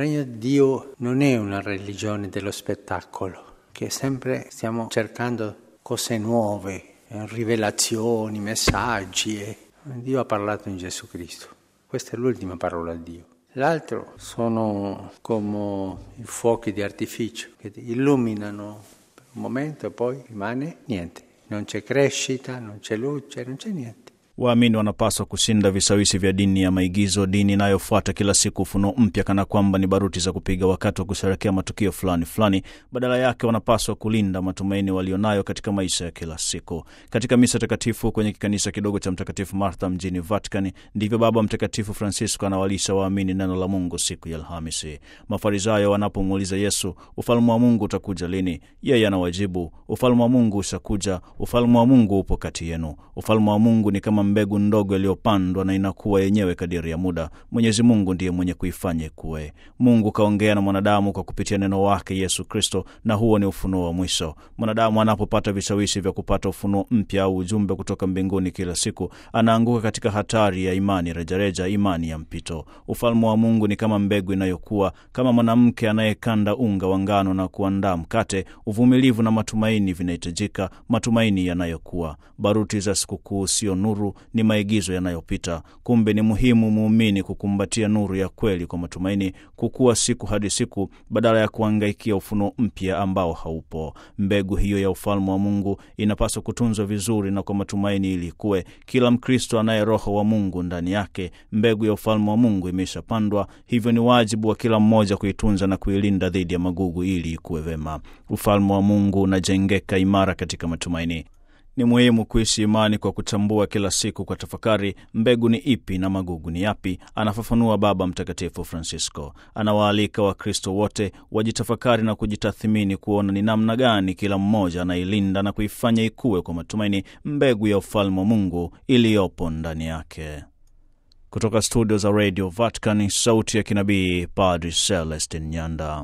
Il regno di Dio non è una religione dello spettacolo, che sempre stiamo cercando cose nuove, eh, rivelazioni, messaggi. E Dio ha parlato in Gesù Cristo. Questa è l'ultima parola di Dio. L'altro sono come i fuochi di artificio che illuminano per un momento e poi rimane niente. Non c'è crescita, non c'è luce, non c'è niente. Waamini wanapaswa kushinda visawisi vya dini ya maigizo, dini inayofuata kila siku ufunuo mpya, kana kwamba ni baruti za kupiga wakati wa kusherekea matukio fulani fulani. Badala yake, wanapaswa kulinda matumaini walionayo katika maisha ya kila siku. Katika misa takatifu kwenye kikanisa kidogo cha Mtakatifu Martha mjini Vatican, ndivyo Baba Mtakatifu Francisco anawalisha waamini neno la Mungu siku ya Alhamisi. mafarizayo wanapomuuliza Yesu, ufalme wa Mungu utakuja lini? Yeye anawajibu, ufalme wa Mungu ushakuja, ufalme wa Mungu upo kati yenu. Ufalme wa Mungu ni kama mbegu ndogo iliyopandwa na inakuwa yenyewe kadiri ya muda. Mwenyezi Mungu ndiye mwenye kuifanya ikuwe. Mungu kaongea na mwanadamu kwa kupitia neno wake Yesu Kristo, na huo ni ufunuo wa mwisho. Mwanadamu anapopata vishawishi vya kupata ufunuo mpya au ujumbe kutoka mbinguni kila siku, anaanguka katika hatari ya imani rejareja, imani ya mpito. Ufalme wa Mungu ni kama mbegu inayokuwa, kama mwanamke anayekanda unga wa ngano na kuandaa mkate. Uvumilivu na matumaini vinahitajika, matumaini yanayokuwa. Baruti za sikukuu sio nuru, ni maigizo yanayopita. Kumbe ni muhimu muumini kukumbatia nuru ya kweli kwa matumaini, kukuwa siku hadi siku, badala ya kuangaikia ufunuo mpya ambao haupo. Mbegu hiyo ya ufalme wa Mungu inapaswa kutunzwa vizuri na kwa matumaini ili ikue. Kila Mkristo anaye Roho wa Mungu ndani yake, mbegu ya ufalme wa Mungu imeshapandwa. Hivyo ni wajibu wa kila mmoja kuitunza na kuilinda dhidi ya magugu ili ikuwe vema. Ufalme wa Mungu unajengeka imara katika matumaini. Ni muhimu kuishi imani kwa kutambua kila siku kwa tafakari, mbegu ni ipi na magugu ni yapi, anafafanua Baba Mtakatifu Francisco. Anawaalika Wakristo wote wajitafakari na kujitathimini, kuona ni namna gani kila mmoja anailinda na kuifanya ikue kwa matumaini, mbegu ya ufalme wa Mungu iliyopo ndani yake. Kutoka studio za Radio Vatican, sauti ya kinabii, Padri Celestin Nyanda.